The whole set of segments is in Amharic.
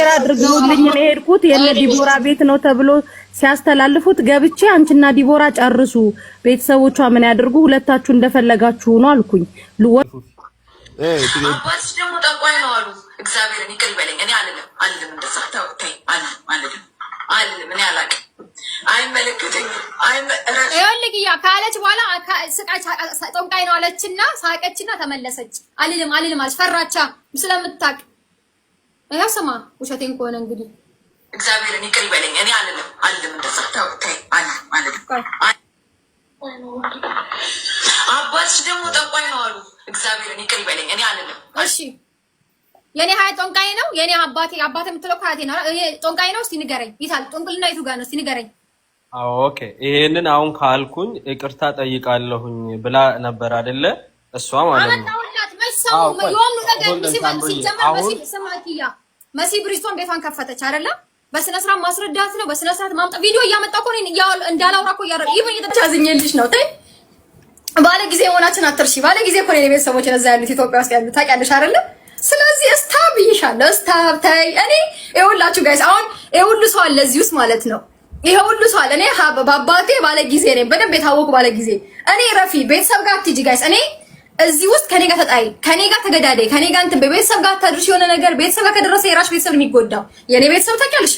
ሼር አድርገውልኝ ነው የሄድኩት። ዲቦራ ቤት ነው ተብሎ ሲያስተላልፉት ገብቼ አንቺና ዲቦራ ጨርሱ፣ ቤተሰቦቿ ምን ያድርጉ፣ ሁለታችሁ እንደፈለጋችሁ ነው አልኩኝ። አባትሽ ደግሞ ነው አሉ። እግዚአብሔርን ይቅር በለኝ። እኔ አልልም አልልም፣ እንደዛ ተውተኝ አልልም አልልም አልልም። እኔ አላውቅም፣ ካለች በኋላ ስቃች ጠንቋይ ነው አለችና ሳቀችና ተመለሰች። አልልም አልልም አለች፣ ስለምታውቅ ያ ስማ ውሸቴን ከሆነ እንግዲህ እግዚአብሔርን ይቅር ይበለኝ። እኔ አልልም አልልም እንደዛ ተይ አልልም አልልም። አባትሽ ደግሞ ጠቋኝ ነው አሉ። እግዚአብሔርን ይቅር ይበለኝ። እኔ አልልም። እሺ የኔ ሀያ ጦንቃይ ነው የኔ አባቴ አባቴ የምትለው ሀያቴ ነው። ይሄ ጦንቃዬ ነው። እስቲ ንገረኝ ይታል ጦንቅልና የቱ ጋር ነው? እስቲ ንገረኝ። ኦኬ ይሄንን አሁን ካልኩኝ ይቅርታ ጠይቃለሁኝ ብላ ነበር አይደለ? እሷ ማለት ነው አይሰማም። የሆኑ ነገር ሲጀመር መሲያ መሲ ብሪስቶን ቤቷን ከፈተች አይደለም። በስነ ስርዓት ማስረዳት ነው። በስነ ስርዓት ማምጣት ቪዲዮ እያመጣ እኮ እንዳላውራ እኮ እያደረገ ይሄ በየተቻ አዝኜልሽ ነው። ተይ ባለ ጊዜ የሆናችን አትርሺ። ባለ ጊዜ እኮ ነው ቤተሰቦች እዛ ያሉት ኢትዮጵያ ውስጥ ያሉት ታውቂያለሽ አይደለም። ስለዚህ እስታብ ይሻለ እስታብ ተይ። እኔ ይኸውላችሁ ጋይስ፣ አሁን ይሄ ሰው አለ እዚህ ውስጥ ማለት ነው። ይሄ ሰው አለ። እኔ በአባቴ ባለ ጊዜ ነኝ፣ በደንብ የታወቁ ባለ ጊዜ። እኔ ረፊ ቤተሰብ ጋር አትሂጂ ጋይስ እኔ እዚህ ውስጥ ከኔ ጋር ተጣይ፣ ከኔ ጋር ተገዳዳይ፣ ከኔ ጋር እንትን በቤተሰብ ጋር ታድርሽ የሆነ ነገር ቤተሰብ ጋር ከደረሰ የራሽ ቤተሰብ ነው የሚጎዳው። የኔ ቤተሰብ ታውቂያለሽ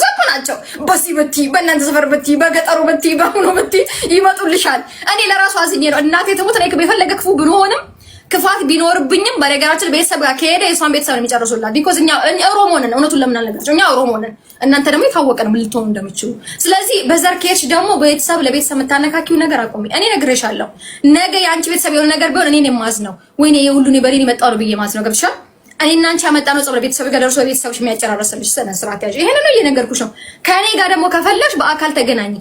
ዘቁ ናቸው። በዚህ ብቲ በእናንተ ሰፈር ብቲ በገጠሩ ብቲ በሁኑ ብቲ ይመጡልሻል። እኔ ለራሱ አዝኜ ነው እናቴ ትሙት ላይ የፈለገ ክፉ ብንሆንም ክፋት ቢኖርብኝም በነገራችን ቤተሰብ ጋር ከሄደ የእሷን ቤተሰብ ነው የሚጨርሱላት። ቢኮዝ እኛ ኦሮሞ ነን። እውነቱን ለምን አልነግራቸው? እኛ ኦሮሞ ነን። እናንተ ደግሞ የታወቀ ነው ልትሆኑ እንደምችሉ። ስለዚህ በዘር ከሄድሽ ደግሞ ቤተሰብ ለቤተሰብ የምታነካኪው ነገር አቆሚ። እኔ ነግሬሻለሁ። ነገ የአንቺ ቤተሰብ የሆነ ነገር ቢሆን እኔን የማዝ ነው ወይ የሁሉን በእኔን የመጣው ነው ብዬ ማዝ ነው። ገብሻል? እኔ እና አንቺ ያመጣ ነው ጸብ ቤተሰብ ጋር ደርሶ ቤተሰብሽ የሚያጨራረሰልሽ ስነ ስርዓት ያዥ። ይሄን ነው እየነገርኩሽ ነው። ከእኔ ጋር ደግሞ ከፈለሽ በአካል ተገናኝ።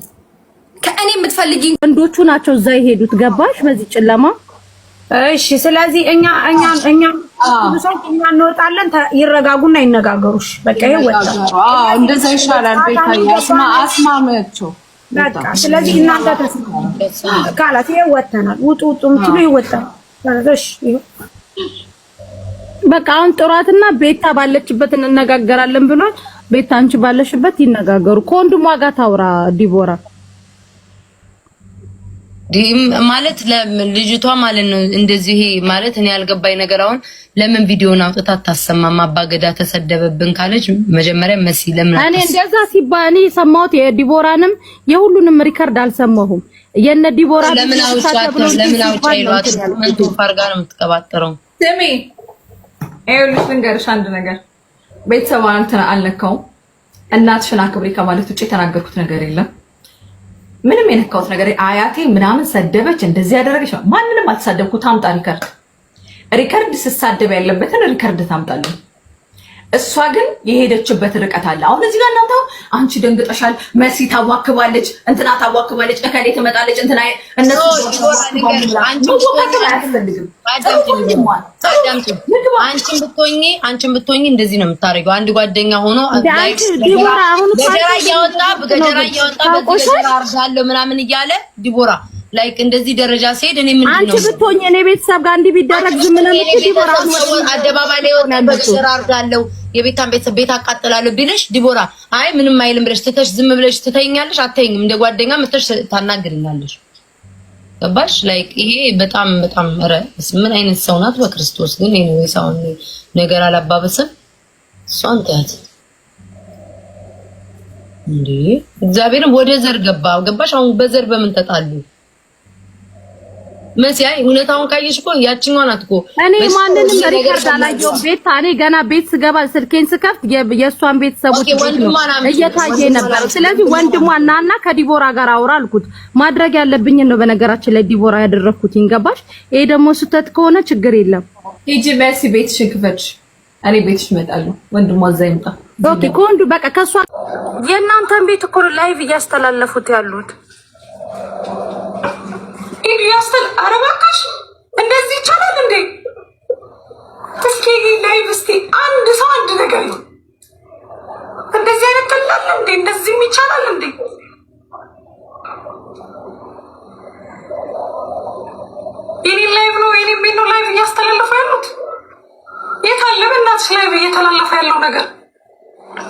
ከእኔ የምትፈልጊ ወንዶቹ ናቸው እዛ የሄዱት። ገባሽ? በዚህ ጨለማ እሺ ስለዚህ እኛ እኛ እኛ እኛ እንወጣለን። ይረጋጉና ይነጋገሩሽ። በቃ ይሄ ወጣ። አዎ እንደዛ ይሻላል። ቤታዬ አስማ አስማመቸው። በቃ ስለዚህ እናንተ ተስማሙ ካላት ይሄ ወተናል። ውጡ ውጡ ምትሉ ይወጣል። እሺ በቃ አሁን ጥሯትና ቤታ ባለችበት እንነጋገራለን ብሏል። ቤታ አንቺ ባለሽበት ይነጋገሩ። ከወንድሟ ጋር ታውራ ዲቦራ ማለት ልጅቷ ማለት ነው እንደዚህ ማለት እኔ ያልገባኝ ነገር አሁን ለምን ቪዲዮን አውጥታ አታሰማም? አባገዳ ተሰደበብን ካለች መጀመሪያ መሲ ለምን እኔ እንደዛ ሲባል እኔ የሰማሁት የዲቦራንም የሁሉንም ሪከርድ አልሰማሁም። የነ ዲቦራ ለምን አውጣት ለምን አውጣ ምን ምንቱ ጋር ነው የምትቀባጠረው። ስሚ ይኸውልሽ ልንገርሽ አንድ ነገር ቤተሰብ አልነካውም። እናትሽን አክብሪ ከማለት ውጭ የተናገርኩት ነገር የለም። ምንም የነካሁት ነገር አያቴ ምናምን ሰደበች፣ እንደዚህ ያደረገች ማንንም አልተሳደብኩ። ታምጣ ሪከርድ ሪከርድ ስሳደብ ያለበትን ሪከርድ ታምጣለን። እሷ ግን የሄደችበት ርቀት አለ። አሁን እዚህ ጋር እናንተ አንቺ ደንግጠሻል፣ መሲ ታዋክባለች፣ እንትና ታዋክባለች፣ እከሌ ትመጣለች፣ እንትና እነሱ አንቺን ብትሆኚ እንደዚህ ነው የምታደርገው። አንድ ጓደኛ ሆኖ ገጀራ እያወጣ ገጀራ እያወጣ ገጀራ አርጋለሁ ምናምን እያለ ዲቦራ ላይክ እንደዚህ ደረጃ ሲሄድ እኔ ምን አንቺ ብትሆኚ እኔ ቤተሰብ ጋር እንዲህ ቢደረግ ዝም ነው ዲቦራ አደባባይ ላይ ወጣ በገጀራ አርጋለሁ የቤታን ቤተሰብ ቤት አቃጥላለሁ ቢልሽ ዲቦራ አይ ምንም አይልም ብለሽ ትተሽ ዝም ብለሽ ትተኛለሽ። አተኝም እንደ ጓደኛ መተሽ ታናግርኛለሽ። ገባሽ? ላይክ ይሄ በጣም በጣም ኧረ ምን አይነት ሰው ናት በክርስቶስ። ግን ኤኒዌይስ አሁን ነገር አላባበስም። እሷን ተያት እንዴ! እግዚአብሔርም ወደ ዘር ገባ። ገባሽ? አሁን በዘር በምን ተጣሉ? መሲ አይ እውነታውን ካየሽ እኮ ናት እኮ። እኔ ማንንም ሪከርድ አላየሁም። ቤት እኔ ገና ቤት ስገባ ስልኬን ስከፍት የእሷን ቤተሰቦች እየታየ ነበር። ስለዚህ ወንድሟ ናና ከዲቦራ ጋር አውራ አልኩት። ማድረግ ያለብኝ ነው በነገራችን ላይ ዲቦራ ያደረኩት ገባሽ። ይሄ ደግሞ ስህተት ከሆነ ችግር የለም። ሂጂ መሲ ቤትሽን ክፈች። እኔ ቤትሽ እመጣለሁ። ወንድሟ እዛ ይምጣ። ኦኬ ከወንዱ በቃ ከእሷ የእናንተን ቤት እኮ ላይቭ እያስተላለፉት ያሉት ያስተል አረባካሽ እንደዚህ ይቻላል እንዴ? እስኪ ላይቭ እስኪ አንድ ሰው አንድ ነገር ነው። እንደዚህ አይነት ቀላል እንዴ? እንደዚህም ይቻላል እንዴ? የኔን ላይቭ ነው የኔ ቤት ነው ላይቭ እያስተላለፉ ያሉት። የት አለ በእናትሽ ላይቭ እየተላለፈ ያለው ነገር?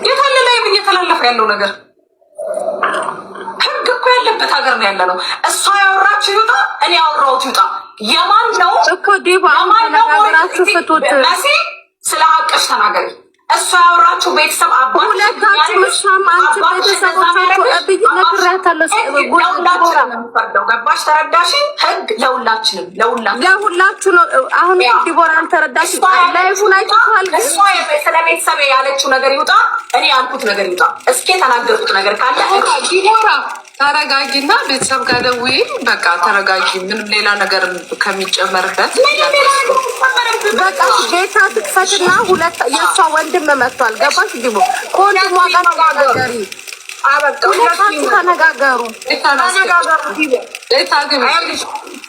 የት አለ ላይቭ እየተላለፈ ያለው ነገር? ያለበት ሀገር ነው ያለ ነው። እሷ ያወራችው ይውጣ፣ እኔ ያወራሁት ይውጣ። የማን ነው እኮ የማን ነው? መሲ ስለ ሀቅሽ ተናገሪ። እሷ ያወራችሁ ቤተሰብ አንቺ ቤተሰብ አባሁለታችሁሳማትቤተሰብፈርደው ገባሽ? ተረዳሽ? ህግ ለሁላችንም ለሁላችሁ ነው። አሁን ዲቦራ አልተረዳሽ። ላይሁን አይተዋል። ስለ ቤተሰብ ያለችው ነገር ይውጣ፣ እኔ ያልኩት ነገር ይውጣ። እስኪ የተናገርኩት ነገር ካለ ዲቦራ ተረጋጊና ቤተሰብ ጋር ደውዬ በቃ ተረጋጊ። ምንም ሌላ ነገር ከሚጨመርበት በቃ ቤታ ትክፈትና ሁለት የእሷ ወንድም መጥቷል። ገባሽ? ግቡ ከወንድሟ ጋር ተነጋገሪ። ተነጋገሩ ተነጋገሩ።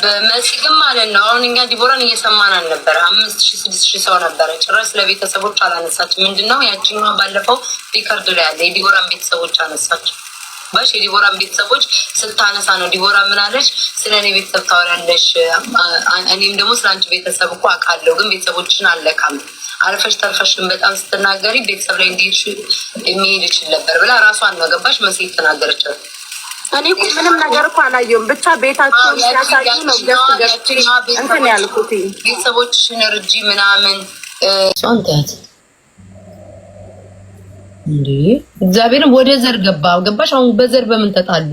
በመስግም ማለት ነው። አሁን እኛ ዲቦራን እየሰማን አልነበረ አምስት ሺ ስድስት ሺ ሰው ነበረ። ጭራሽ ስለ ቤተሰቦች አላነሳች። ምንድነው ያችኛ ባለፈው ሪከርድ ላይ ያለ የዲቦራን ቤተሰቦች አነሳች። ባሽ የዲቦራን ቤተሰቦች ስልታነሳ ነው ዲቦራ ምናለች? ስለ እኔ ቤተሰብ ታወራለች። እኔም ደግሞ ስለ አንቺ ቤተሰብ እኮ አውቃለሁ፣ ግን ቤተሰቦችን አለካም አልፈሽ ተርፈሽን በጣም ስትናገሪ ቤተሰብ ላይ እንዲሄድ የሚሄድ ይችል ነበር ብላ ራሷን ነው ገባሽ መሲ እኔ ምንም ነገር እኮ አላየሁም። ብቻ ቤታቸው ሲያሳዩ ነው ገስ ገስ እንትን ያልኩት ቤተሰቦችሽን እርጂ ምናምን እንዴ። እግዚአብሔርም ወደ ዘር ገባ ገባሽ። አሁን በዘር በምን ተጣሉ?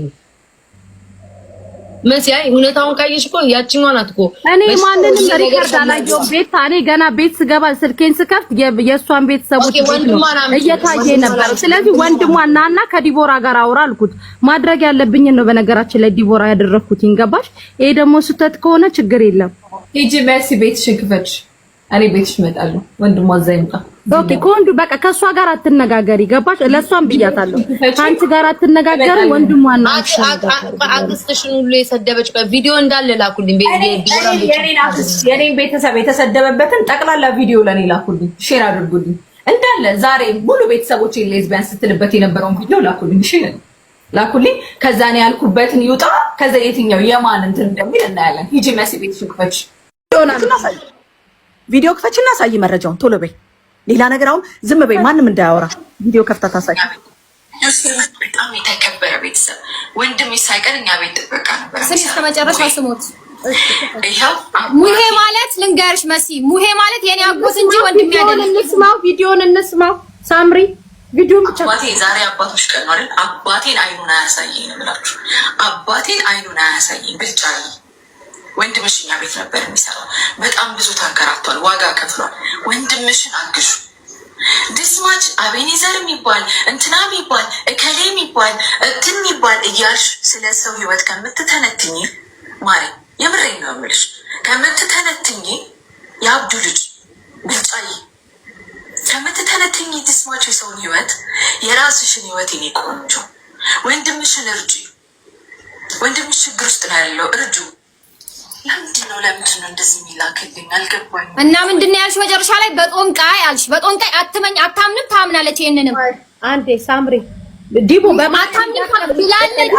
መሲ አይ እውነታውን ካየሽ እኮ ያቺኛዋ ናት እኮ። እኔ ማንንም ሪከርድ አላየሁም። ቤት እኔ ገና ቤት ስገባ ስልኬን ስከፍት የእሷን ቤተሰቦች እየታየ ነበር። ስለዚህ ወንድሟ ናና ከዲቦራ ጋር አውራ አልኩት። ማድረግ ያለብኝን ነው በነገራችን ላይ ዲቦራ ያደረኩት። ይንገባሽ ይሄ ደግሞ ስህተት ከሆነ ችግር የለም። ሂጂ መሲ ቤትሽን ክፈች። እኔ ቤትሽ እመጣለሁ። ወንድሟ እዛ ይምጣ። ኦኬ ከወንዱ በቃ ከእሷ ጋር አትነጋገሪ። ገባሽ? ለእሷም ብያታለሁ ከአንቺ ጋር አትነጋገሪ። ወንድሟ ነው አክስትሽን ሁሉ የሰደበች ቪዲዮ እንዳለ ላኩልኝ። የኔን ቤተሰብ የተሰደበበትን ጠቅላላ ቪዲዮ ለእኔ ላኩልኝ፣ ሼር አድርጉልኝ እንዳለ። ዛሬ ሙሉ ቤተሰቦች ሌዝቢያን ስትልበት የነበረውን ቪዲዮ ላኩልኝ፣ ሼር ላኩልኝ። ከዛኔ ያልኩበትን ይውጣ። ከዛ የትኛው የማን እንትን እንደሚል እናያለን። ሂጂ መሲ ቤትሽን ክፈች ቪዲዮ ክፈችና አሳይ መረጃውን ቶሎ በይ። ሌላ ነገር አሁን ዝም በይ፣ ማንም እንዳያወራ ቪዲዮ ከፍታ ታሳይ። በጣም የተከበረ ቤተሰብ ወንድም ሳይቀር እኛ ቤት ጥበቃ ነበር። እስከ ሙሄ ማለት ልንገርሽ መሲ፣ ሙሄ ማለት የኔ አጎት እንጂ ወንድም ያደለ። እንስማው፣ ቪዲዮን እንስማው። ሳምሪ ብቻ አባቴ፣ ዛሬ አባቶች ቀን ነው አይደል? አባቴን አይኑን አያሳየኝ ነው የምላችሁ። አባቴን አይኑን አያሳየኝ ብቻ ነው ወንድምሽ እኛ ቤት ነበር የሚሰራው። በጣም ብዙ ተንከራቷል፣ ዋጋ ከፍሏል። ወንድምሽን አግሹ። ድስማች አቤኔዘር የሚባል እንትና የሚባል እከሌ የሚባል እንትን የሚባል እያልሽ ስለ ሰው ህይወት ከምትተነትኝ ማሪ፣ የምሬን ነው የምልሽ፣ ከምትተነትኝ የአብዱ ልጅ ብልጫዬ ከምትተነትኝ ድስማች የሰውን ህይወት የራስሽን ህይወት የኔ ቆንጆ ወንድምሽን እርጁ። ወንድምሽ ችግር ውስጥ ነው ያለው፣ እርጁ እንደዚህ የሚላክልኝ አልገባኝም። እና ምንድነው ያልሽ መጨረሻ ላይ በጦንቃይ አልሽ። በጦንቃይ አትመኝ አታምንም፣ ታምናለች። ይሄንንም አንዴ ሳምሪ ዲቦ ብላለች ብላለች ብላለች ብላለች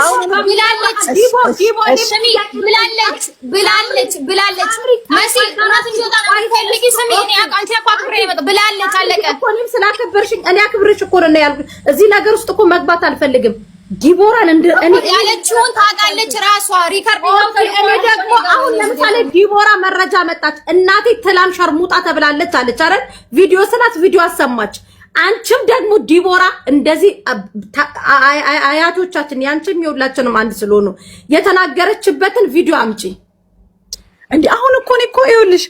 ብላለች ብላለች ብላለች ብላለች። ብላለች ብላለች ብላለች ብላለች ብላለች ብላለች ብላለች ብላለች ብላለች ብላለች ብላለች መግባት አልፈልግም። ዲቦራን እንደ እኔ ያለችውን ታውቃለች ራሷ ሪከርድ ነው። እኔ ደግሞ አሁን ለምሳሌ ዲቦራ መረጃ መጣች፣ እናቴ ትላም ሸርሙጣ ተብላለች አለች አይደል? ቪዲዮ ስላት ቪዲዮ አሰማች። አንቺም ደግሞ ዲቦራ እንደዚህ አያቶቻችን ያንቺም የሁላችንም አንድ ስለሆኑ የተናገረችበትን ቪዲዮ አምጪ። እንዲ አሁን እኮ እኔ እኮ ይኸውልሽ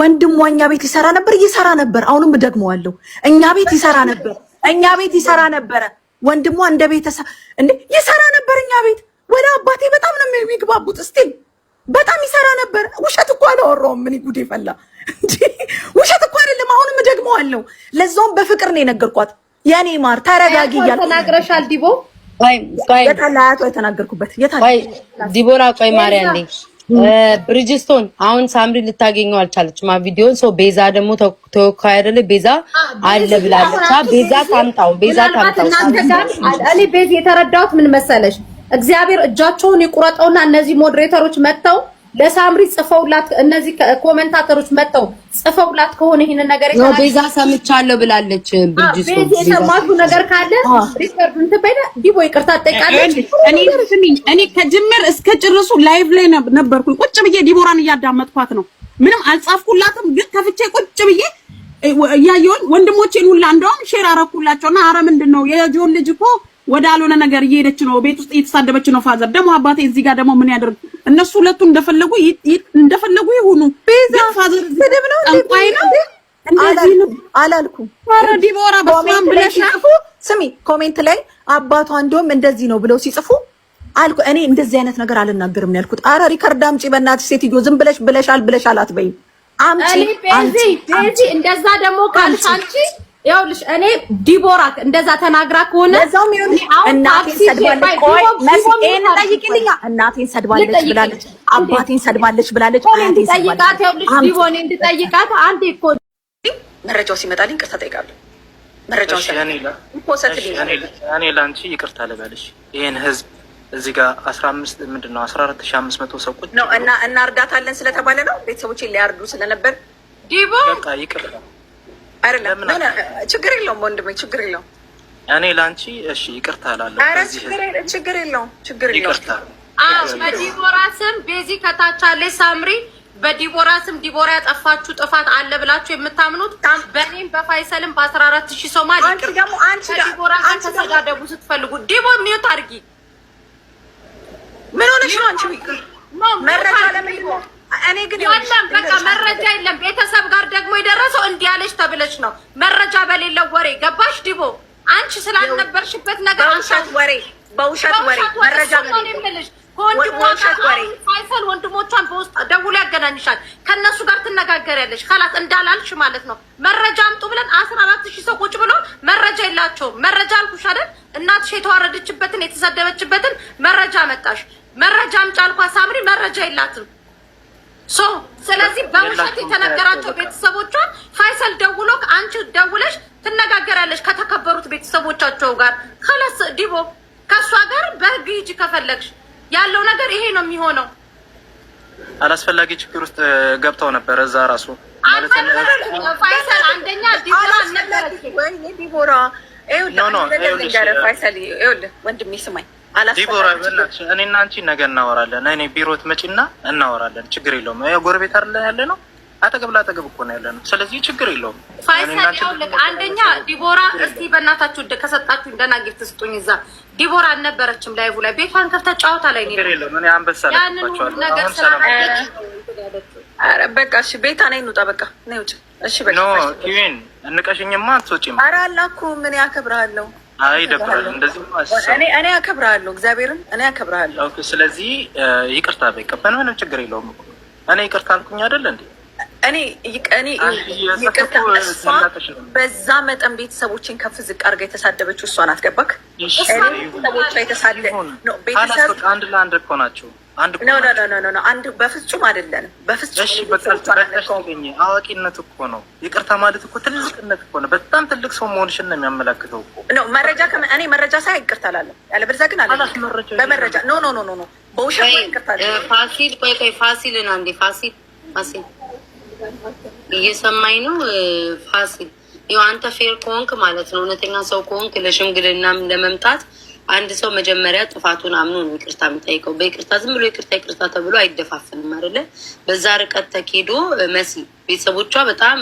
ወንድሟ እኛ ቤት ይሰራ ነበር፣ ይሰራ ነበር። አሁንም ደግመዋለሁ፣ እኛ ቤት ይሰራ ነበር፣ እኛ ቤት ይሰራ ነበር። ወንድሟ እንደ ቤተሰብ እንዴ ይሰራ ነበር። እኛ ቤት ወደ አባቴ በጣም ነው የሚግባቡት። እስቲ በጣም ይሰራ ነበር። ውሸት እኮ አላወራውም። ምን ጉድ ይፈላ እንጂ ውሸት እኮ አይደለም። አሁንም እደግመዋለሁ። ለዛውም በፍቅር ነው የነገርኳት። የኔ ማር ተረጋጊ እያልኩ ተናግረሻል። ዲቦ ቆይ ቆይ የታላያቷ የተናገርኩበት የታላ ዲቦራ ቆይ ማርያም ብሪጅስቶን አሁን ሳምሪ ልታገኘው ማ ቪዲዮን ሰው ቤዛ ደግሞ ተወካይ አይደለ ቤዛ አለ ብላለች። ቤዛ ታምጣው፣ ቤዛ ታምጣው። እኔ ቤዝ የተረዳሁት ምን መሰለሽ፣ እግዚአብሔር እጃቸውን ይቁረጠውና እነዚህ ሞዴሬተሮች መጥተው ለሳምሪ ጽፈውላት እነዚህ ኮሜንታተሮች መጥተው ጽፈውላት ከሆነ ይሄን ነገር ይላል። ቤዛ ሰምቻለሁ ብላለች። ብርጅስ ቤዛ የሰማችሁ ነገር ካለ ሪከርድ እንትን በለ ዲቦ ይቅርታ ጠይቃለች። እኔ ስሚኝ፣ እኔ ከጅምር እስከ ጭርሱ ላይቭ ላይ ነበርኩኝ። ቁጭ ብዬ ዲቦራን እያዳመጥኳት ነው። ምንም አልጻፍኩላትም፣ ግን ከፍቼ ቁጭ ብዬ እያየሁኝ ወንድሞቼን ሁላ እንደውም ሼር አረኩላቸውና አረ ምንድን ነው የጆን ልጅ እኮ ወደ አልሆነ ነገር እየሄደች ነው። ቤት ውስጥ እየተሳደበች ነው። ፋዘር ደግሞ አባቴ እዚህ ጋር ደግሞ ምን ያደርግ? እነሱ ሁለቱ እንደፈለጉ እንደፈለጉ ይሁኑ። ቤዛ ፋዘር ነው ጠንቋይ ነው አላልኩም። ዲቦራ በስማም ብለሽ ስሚ፣ ኮሜንት ላይ አባቷ እንደውም እንደዚህ ነው ብለው ሲጽፉ አልኩ እኔ እንደዚህ አይነት ነገር አልናገርም ነው ያልኩት። አረ ሪከርድ አምጪ በእናትሽ ሴትዮ፣ ዝም ብለሽ ብለሻል ብለሻል አትበይም። አምጪ አምጪ እንደዛ ደግሞ ካልሽ አንቺ ያውልሽ እኔ ዲቦራ እንደዛ ተናግራ ከሆነ ለዛው ሚሆን እናቴን ሰድባለች። ቆይ መስኤን ጠይቅልኛ። እናቴን ሰድባለች ብላለች፣ አባቴን ሰድባለች ብላለች። እንድጠይቃት ያውልሽ ዲቦኔ እንድጠይቃት አንዴ እኮ መረጃው ሲመጣልኝ ቅርታ ጠይቃለሁ። መረጃውን እኔ ለአንቺ ይቅርታ ልበልሽ ይሄን ህዝብ እዚህ ጋር አስራ አምስት ምንድን ነው አስራ አራት ሺህ አምስት መቶ ሰው ቁጭ ነው እና እና እናርዳታለን ስለተባለ ነው ቤተሰቦቼ ሊያርዱ ስለነበር ዲቦ ይቅርታ አይደለም ችግር የለውም ወንድሜ፣ ችግር የለውም። እኔ ለአንቺ እሺ ይቅርታ እላለሁ። ኧረ ችግር የለውም፣ ችግር የለውም። በዲቦራ ስም ቤዚ ከታች አለች ሳምሪ በዲቦራ ስም ዲቦራ ያጠፋችሁ ጥፋት አለ ብላችሁ የምታምኑት በእኔም በፋይሰልም በአስራ አራት ሺህ ሰው ማለት ደግሞ ዲቦራ ተሰዳደቡ ስትፈልጉ ዲቦ ሚዩት አድርጊ። ምን ሆነሽ ነው አንቺ? መረጃ ለምን እኔ ግን የለም በቃ መረጃ የለም። ቤተሰብ ጋር ደግሞ የደረሰው እንዲህ ያለች ተብለች ነው መረጃ በሌለው ወሬ ገባሽ ዲቦ አንቺ ስላልነበርሽበት ነገር በውሸት ወሬ በውሸት ወሬ መረጃ ምልሽ ከወንድሞቿ ሳይፈል ወንድሞቿን በውስጥ ደውሎ ያገናኝሻል። ከእነሱ ጋር ትነጋገሪያለሽ። ከላት እንዳላልሽ ማለት ነው። መረጃ አምጡ ብለን አስራ አራት ሺህ ሰው ቁጭ ብሎ መረጃ የላቸውም። መረጃ አልኩሽ አይደል? እናትሽ የተዋረደችበትን የተሰደበችበትን መረጃ መጣሽ። መረጃ አምጪ አልኳት። ሳምሪ መረጃ የላትም። ስለዚህ በውሸት የተነገራቸው ቤተሰቦቿን ፋይሰል ደውሎ አንቺ ደውለሽ ትነጋገራለሽ ከተከበሩት ቤተሰቦቻቸው ጋር ከለስ ዲቦ ከእሷ ጋር በህግ ሂጂ ከፈለግሽ። ያለው ነገር ይሄ ነው የሚሆነው። አላስፈላጊ ችግር ውስጥ ገብተው ነበር። እዛ ራሱ ፋይሰል አንደኛ ዲቦራ ወንድሜ ስማኝ ዲቦራ በላች። እኔና አንቺ ነገ እናወራለን። እኔ ቢሮት መጪና እናወራለን። ችግር የለውም። ጎረቤት አለ ያለ ነው። አጠገብ ለአጠገብ እኮ ነው ያለ ነው። ስለዚህ ችግር የለውም። አንደኛ ዲቦራ፣ እስቲ በእናታችሁ ከሰጣችሁ እንደና ጊፍት ስጡኝ። እዛ ዲቦራ አልነበረችም ላይቡ ላይ ቤቷን ከፍታ ጨዋታ ላይ ነው። ችግር እኔ አንበሳ ያንን ነገር ስራ በቃ እሺ፣ ቤታ ነኝ። እንውጣ በቃ ነይ ውጭ። እሺ በቃ ኖ ቲቪን እንቀሽኝማ አትወጪም። አራላኩ ምን ያከብርሃለሁ አይ ይደብራል። እንደዚህ እኔ እኔ አከብራለሁ እግዚአብሔርን እኔ አከብራለሁ። ኦኬ፣ ስለዚህ ይቅርታ በይቀበል ምንም ችግር የለውም። እኔ ይቅርታ አልኩኝ አይደል እንዴ? እኔ እኔ ይቅርታ እሷ በዛ መጠን ቤተሰቦችን ከፍ ዝቅ አድርጋ የተሳደበችው እሷን አትገባክ። ቤተሰቦቿ አንድ ለአንድ እኮ ናቸው። አንድ በፍጹም አይደለንም። በፍጹም አዋቂነት እኮ ነው። ይቅርታ ማለት እኮ ትልቅነት እኮ ነው። በጣም ትልቅ ሰው መሆንሽን ነው የሚያመላክተው እኮ ነው። መረጃ እኔ መረጃ ሳይ ይቅርታ አላለሁ። ያለበለዚያ ግን አለ በመረጃ ኖ ኖ ኖ ኖ በውሸት ይቅርታ ፋሲል ቆይ ቆይ ፋሲልን አንዴ ፋሲል ፋሲል እየሰማኝ ነው ፋሲል። ይኸው አንተ ፌር ከሆንክ ማለት ነው እውነተኛ ሰው ከሆንክ ለሽምግልና ለመምጣት አንድ ሰው መጀመሪያ ጥፋቱን አምኖ ነው ይቅርታ የሚጠይቀው። በይቅርታ ዝም ብሎ ይቅርታ ይቅርታ ተብሎ አይደፋፍንም አይደለ? በዛ ርቀት ተኬዶ መሲ ቤተሰቦቿ በጣም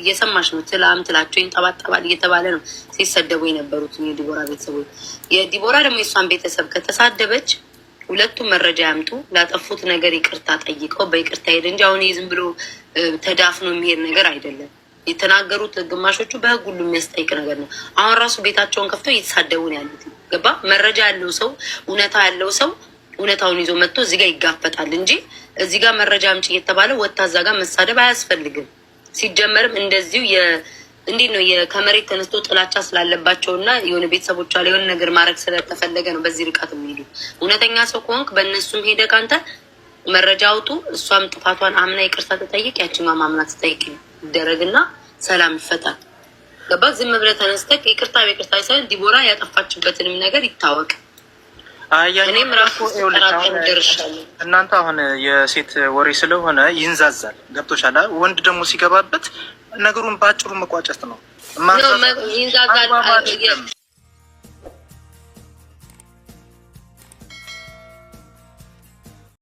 እየሰማች ነው። ትላም ትላቸው ይንጠባጠባል እየተባለ ነው ሲሰደቡ የነበሩት የዲቦራ ቤተሰቦች። የዲቦራ ደግሞ የእሷን ቤተሰብ ከተሳደበች ሁለቱም መረጃ ያምጡ፣ ላጠፉት ነገር ይቅርታ ጠይቀው በይቅርታ ሄደ እንጂ አሁን ዝም ብሎ ተዳፍኖ የሚሄድ ነገር አይደለም። የተናገሩት ግማሾቹ በህግ ሁሉ የሚያስጠይቅ ነገር ነው። አሁን ራሱ ቤታቸውን ከፍተው እየተሳደቡ ነው ያሉት። ገባ መረጃ ያለው ሰው እውነታ ያለው ሰው እውነታውን ይዞ መጥቶ እዚህ ጋር ይጋፈጣል እንጂ እዚህ ጋር መረጃ አምጪ እየተባለ ወታዛ ጋር መሳደብ አያስፈልግም። ሲጀመርም እንደዚሁ እንዴት ነው ከመሬት ተነስቶ ጥላቻ ስላለባቸው እና የሆነ ቤተሰቦቿ ላይ የሆነ ነገር ማድረግ ስለተፈለገ ነው በዚህ ርቀት የሚሄዱ። እውነተኛ ሰው ከሆንክ በእነሱም ሄደ ካንተ መረጃ አውጡ፣ እሷም ጥፋቷን አምና ይቅርታ ተጠይቅ፣ ያችማ ማምና ተጠይቅ ይደረግና ሰላም ይፈታል። ገባ ዝም ብለህ ተነስተህ ይቅርታ በይቅርታ ሳይሆን ዲቦራ ያጠፋችበትንም ነገር ይታወቅ። እኔም ራሱ ጠራጠር ደርሻለሁ። እናንተ አሁን የሴት ወሬ ስለሆነ ይንዛዛል። ገብቶሻል። ወንድ ደግሞ ሲገባበት ነገሩን በአጭሩ መቋጨት ነው።